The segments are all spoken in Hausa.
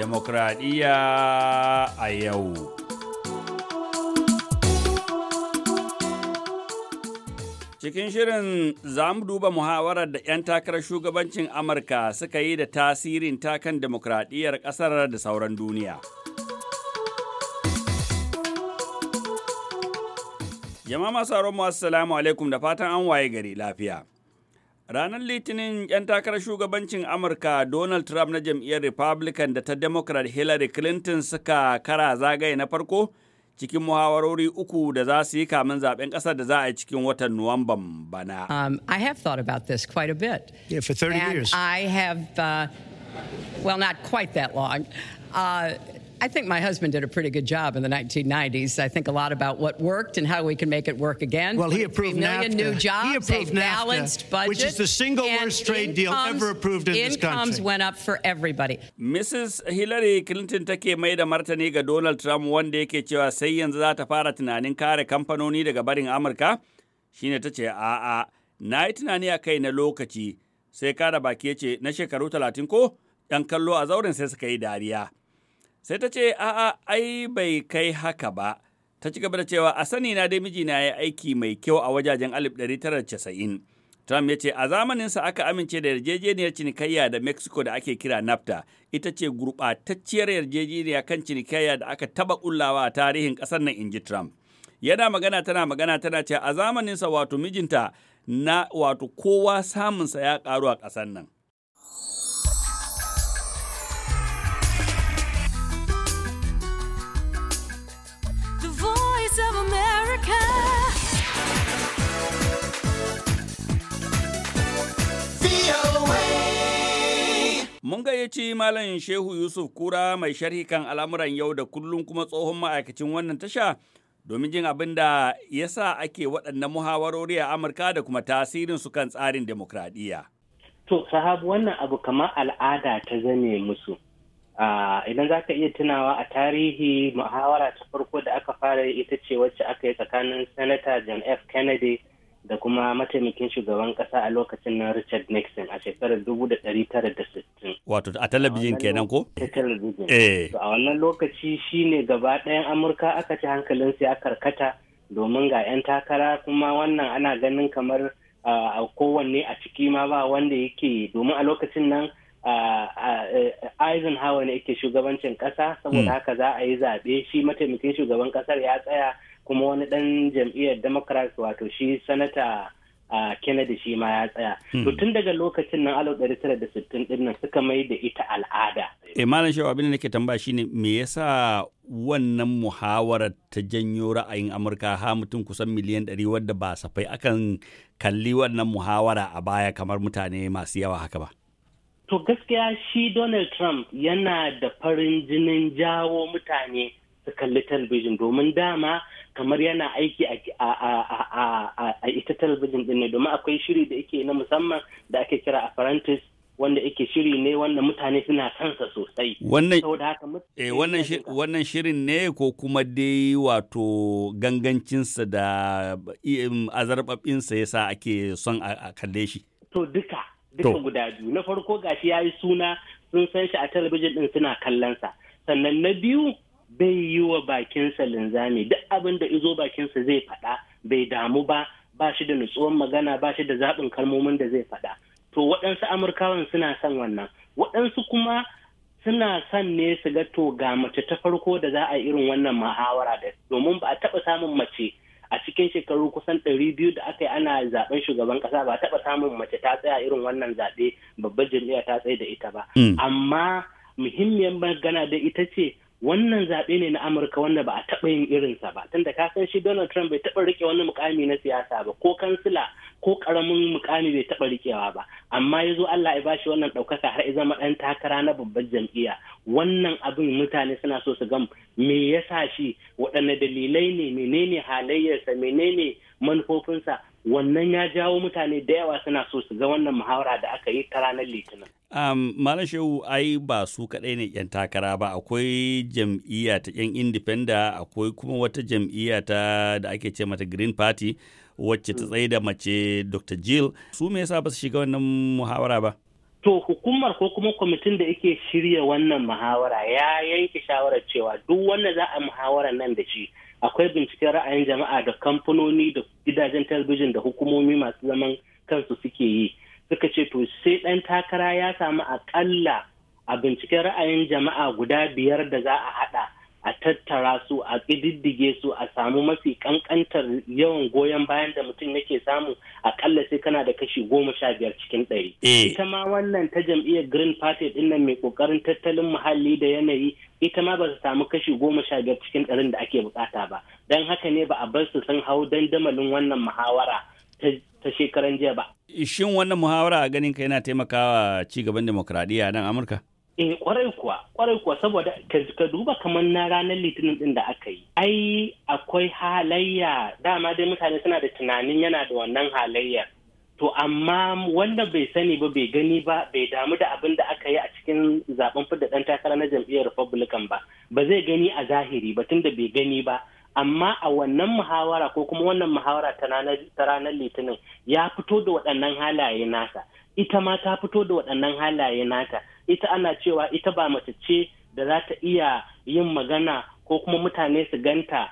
demokradiyya a yau. Cikin shirin za mu duba muhawarar da 'yan takarar shugabancin Amurka suka yi da tasirin takan demokradiyyar ƙasar da sauran duniya. Jama'a masu mu assalamu alaikum da fatan an waye gari lafiya. Ranar Litinin, ‘yan takarar shugabancin Amurka Donald Trump na jam'iyyar Republican da ta Democrat Hillary Clinton suka kara zagaye na farko cikin muhawarori uku da za su yi kamin zaben ƙasar da za a yi cikin watan Nuwamban bana. Um, I have thought about this quite a bit. Yeah, for 30 and years. I have, uh, well, not quite that long. Uh, I think my husband did a pretty good job in the 1990s. I think a lot about what worked and how we can make it work again. Well, he approved million NAFTA. new jobs. He approved a balanced NAFTA, budget, which is the single worst trade deal ever approved in this country. Incomes went up for everybody. Mrs. Hillary Clinton take mai da martani ga Donald Trump wanda yake cewa sai yanzu za ta fara tunanin kare kamfanoni daga barin Amurka. Shine ta a a'a na yi tunani a kai na lokaci sai kara baki ya ce na shekaru talatin ko ɗan kallo a zauren sai suka yi dariya. sai ta ce a'a ai bai kai haka ba ta ci gaba da cewa a sani na dai mijina ya aiki mai kyau a wajajen alif tara 1990 Trump ya ce a zamaninsa aka amince da yarjejeniyar cinikayya da Mexico da ake kira NAFTA, ita ce gurɓatacciyar yarjejeniya kan cinikayya da aka taɓa ƙullawa a tarihin ƙasar nan in ji Trump. Yana magana tana magana tana ce a zamaninsa wato mijinta na wato kowa samunsa ya ƙaru a ƙasar nan. ya gayyaci Malam Shehu Yusuf Kura mai sharhi kan al'amuran yau da kullum kuma tsohon ma'aikacin wannan tasha domin jin abin da ya sa ake waɗannan muhawarori a Amurka da kuma tasirin su kan tsarin demokradiyya. To, sahabu wannan abu kamar al'ada ta zane musu. Idan za ka iya tunawa a tarihi muhawara ta farko da aka fara ita ce wacce aka yi tsakanin Sanata John F. Kennedy da kuma mataimakin shugaban kasa a lokacin na Richard Nixon a shekarar 1960 wato a talabijin kenan ko? Eh. a wannan lokaci shine gaba ɗayan amurka aka ci hankalin sai a karkata domin ga 'yan takara kuma wannan ana ganin kamar a kowanne a ciki ma ba wanda yake domin a lokacin nan Eisenhower ne yake shugabancin ƙasa saboda hmm. haka za a yi zaɓe shi mataimakin shugaban ƙasar ya tsaya kuma wani ɗan jam'iyyar democrats wato shi sanata a kennedy shi ma ya tsaya hmm. to tun daga lokacin nan alif ɗari tara da sittin ɗin nan suka mai da ita al'ada eh malam shawa abin da nake tambaya shine me yasa wannan muhawarar ta janyo ra'ayin amurka ha mutum kusan miliyan ɗari wadda ba safai akan kalli wannan muhawara a baya kamar mutane masu yawa haka ba to gaskiya shi donald trump yana da farin jinin jawo mutane su kalli talabijin domin dama kamar yana aiki a ita talabijin din ne domin akwai shiri da yake na musamman da ake kira apprentice wanda yake shiri ne wanda mutane suna kansa sosai. Eh, wannan shirin ne ko kuma dai wato gangancinsa da azarbabinsa ya sa ake son a kalle shi? To duka, duka guda biyu. Na farko gashi ya yi suna sun san shi a talabijin din suna kallonsa. Sannan na biyu bai yi wa bakinsa linzami duk abin da izo bakinsa zai faɗa bai damu ba ba shi da nutsuwan magana ba shi da zaɓin kalmomin da zai faɗa to waɗansu amurkawan suna son wannan waɗansu kuma suna son ne su ga to ga mace ta farko da za a irin wannan muhawara da domin ba a taɓa samun mace a cikin shekaru kusan ɗari biyu da aka yi ana zaɓen shugaban ƙasa ba a taɓa samun mace ta tsaya irin wannan zaɓe babbar jam'iyya ta tsaye da ita ba mm. amma muhimmiyar magana da ita ce wannan zaɓe ne na amurka wanda ba a taɓa yin irinsa ba tunda ka san shi donald trump bai taɓa rike wani mukami na siyasa ba ko kansila ko ƙaramin mukami bai taɓa rikewa ba amma ya zo allah ya bashi wannan ɗaukaka har ya zama ɗan takara na babbar jam'iyya wannan abin mutane suna so su gam me ya sa shi waɗanne dalilai ne menene halayyarsa menene manufofinsa wannan ya jawo mutane da yawa suna so su ga wannan muhawara da aka yi ta ranar litinin. Um, Malam Shehu ai ba su kaɗai ne 'yan takara ba akwai jam'iyya ta 'yan indifenda akwai kuma wata jam'iyya ta da ake ce mata Green Party wacce ta mm. tsaye da mace Dr. Jill su me yasa ba su shiga wannan muhawara ba? To hukumar ko kuma kwamitin da yake shirya wannan muhawara ya yanke shawarar cewa duk wanda za a muhawara nan da shi akwai binciken ra'ayin jama'a da kamfanoni da gidajen talabijin da hukumomi masu zaman kansu suke yi suka ce to sai ɗan takara ya samu akalla a binciken ra'ayin jama'a guda biyar da za a haɗa a tattara su a ƙididdige su a samu mafi ƙanƙantar yawan goyon bayan da mutum yake samu aƙalla sai kana da kashi goma sha biyar cikin ɗari. Eh. Ita ma wannan ta jam'iyyar Green Party ɗin nan mai ƙoƙarin tattalin muhalli da yanayi ita ma ba su samu kashi goma sha biyar cikin ɗarin da ake buƙata ba. Don haka ne ba a bar su sun hau dandamalin wannan muhawara ta shekaran jiya ba. Shin wannan muhawara a ganin ka yana taimakawa ci gaban demokradiyya nan Amurka? eh kwarai kuwa kwarai kuwa saboda ka duba kamar na ranar litinin ɗin da aka yi ai akwai halayya dama dai mutane suna da tunanin yana da wannan halayyar to amma wanda bai sani ba bai gani ba bai damu da abin da aka yi a cikin zaben fidda dan takara na jam'iyyar republican ba ba zai gani a zahiri ba tunda bai gani ba amma a wannan muhawara ko kuma wannan muhawara ta ranar litinin ya fito da waɗannan halaye nata. ita ma ta fito da waɗannan halaye nata ita ana cewa ita ba mace ce da za ta iya yin magana ko kuma mutane su ganta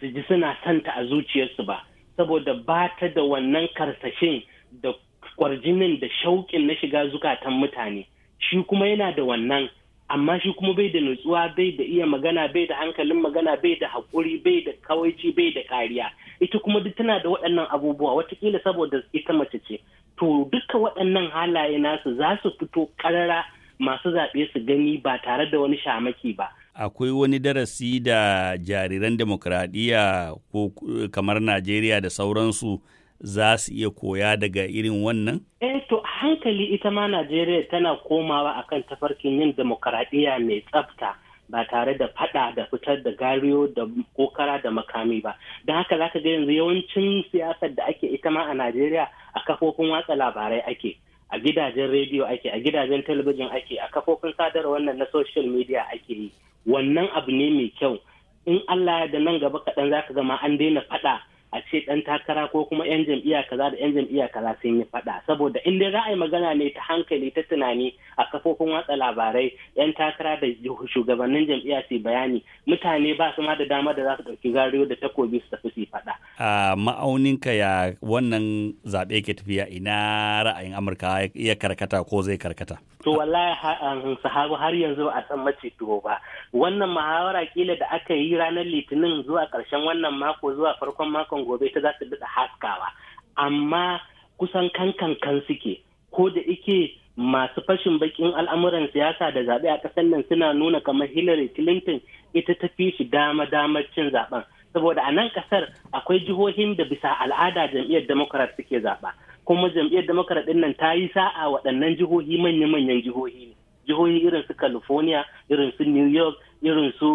su ji suna santa a zuciyarsu ba saboda ba ta da wannan karsashin da kwarjinin da shauƙin na shiga zukatan mutane shi kuma yana da wannan amma shi kuma bai da nutsuwa bai da iya magana bai da hankalin magana bai da haƙuri bai da kawaici bai da kariya ita kuma duk tana da waɗannan abubuwa watakila saboda ita mace ce to duka waɗannan halaye nasu za su fito ƙarara masu zaɓe su gani ba tare da wani shamaki ba. Akwai wani darasi da jariran demokradiyya ko kamar Najeriya da sauransu za su iya koya daga irin wannan? Eh to hankali ita ma Najeriya tana komawa a kan tafarkin yin demokradiyya mai tsafta. ba tare da fada da fitar da gariyo da kokara da makami ba don haka za ka ga yanzu yawancin siyasar da ake ita ma a najeriya a kafofin watsa labarai ake a gidajen rediyo ake a gidajen talabijin ake a kafofin sadarwa wannan na social media ake yi wannan abu ne mai kyau in Allah ya da nan gaba kaɗan za ka gama an daina faɗa a ce ɗan takara ko kuma 'yan jam'iyya kaza da 'yan jam'iyya kaza sun yi faɗa saboda in dai yi magana ne ta hankali ta tunani a kafofin watsa labarai 'yan takara da shugabannin jam'iyya su bayani mutane ba su ma da dama da za su ɗauki gariyo da takobi su tafi su faɗa. a ka ya wannan zaɓe ke tafiya ina ra'ayin amurka ya karkata ko zai karkata. to wallahi um, sahabu har yanzu a san mace tuwo ba wannan muhawara kila da aka yi ranar litinin zuwa karshen wannan mako zuwa farkon mako. kan gobe ta za ta daɗa haskawa amma kusan kankan kan suke ko da ike masu fashin bakin al'amuran siyasa da zaɓe a ƙasar nan suna nuna kamar hillary clinton ita ta fi shi dama damar cin zaɓen saboda a nan ƙasar akwai jihohin da bisa al'ada jam'iyyar democrat suke zaɓa kuma jam'iyyar democrat ɗin nan ta yi sa'a waɗannan jihohi manya-manyan jihohi ne jihohi irin su california irin su new york irin su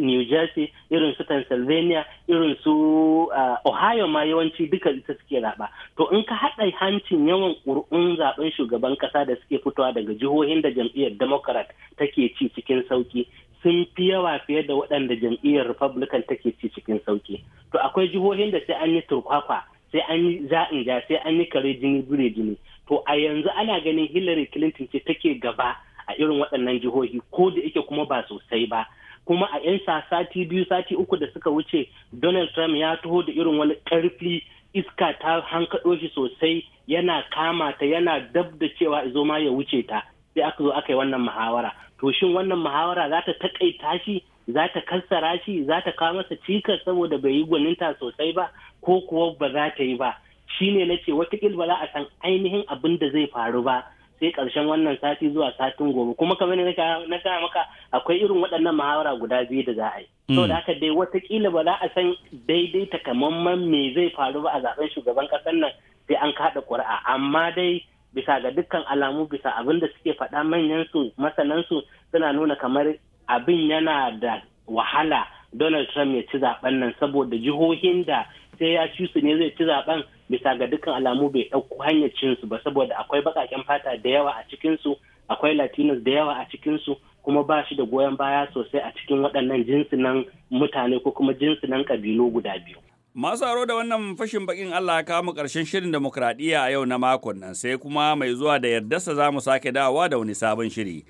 new jersey irin su pennsylvania irin su ah, ohio ma yawanci duka ita suke raba to in ka haɗa hancin yawan ƙuri'un zaben shugaban ƙasa da suke fitowa daga jihohin da jam'iyyar democrat take ci cikin sauki sun fi yawa fiye da waɗanda jam'iyyar republican take ci cikin sauki to akwai jihohin da sai an yi turkwakwa sai an yi za'in ja sai an yi kare jini bure jini to a yanzu ana ganin hillary clinton ce take gaba a irin waɗannan jihohi ko da yake kuma ba sosai ba kuma a 'yan sati biyu sati uku da suka wuce donald trump ya taho da irin wani ƙarfi iska ta hankaɗo shi sosai yana kama ta yana dab da cewa zo ma ya wuce ta sai aka zo aka yi wannan muhawara to shin wannan muhawara za ta taƙaita shi za ta kassara shi za ta kawo masa cikas saboda bai yi gwaninta sosai ba ko kuwa ba za ta yi ba shi ne na ce watakil ba za a san ainihin abin da zai faru ba sai karshen wannan sati zuwa satin gobe kuma kamar ne na gaya maka akwai irin waɗannan muhawara guda biyu da za a yi hmm. saboda haka dai watakila ba za a san daidai takamaiman me zai faru ba a zaben shugaban ƙasar nan sai an kaɗa ƙuri'a amma dai bisa ga dukkan alamu bisa abin da suke faɗa manyan su masanan su suna nuna kamar abin yana da wahala Donald Trump ya ci zaben nan saboda jihohin da sai ya ci su ne zai ci zaben bisa ga dukkan alamu bai ɗauko hanyar cin su ba saboda akwai baƙaƙen fata da yawa a cikin su akwai latinos da yawa a cikin su kuma ba shi da goyon baya sosai a cikin waɗannan jinsinan mutane ko kuma jinsinan ƙabilu guda biyu. Masu aro da wannan fashin bakin Allah ya mu ƙarshen shirin demokradiyya a yau na makon nan sai kuma mai zuwa da yardarsa za mu sake dawowa da wani sabon shiri.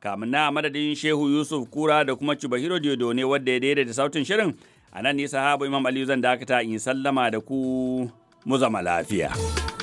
Kamin na madadin Shehu Yusuf Kura da kuma Cibahiro Diodo ne wadda ya daidaita sautin shirin. a nan ne habu imam aliyu zan dakata in sallama da ku mu zama lafiya.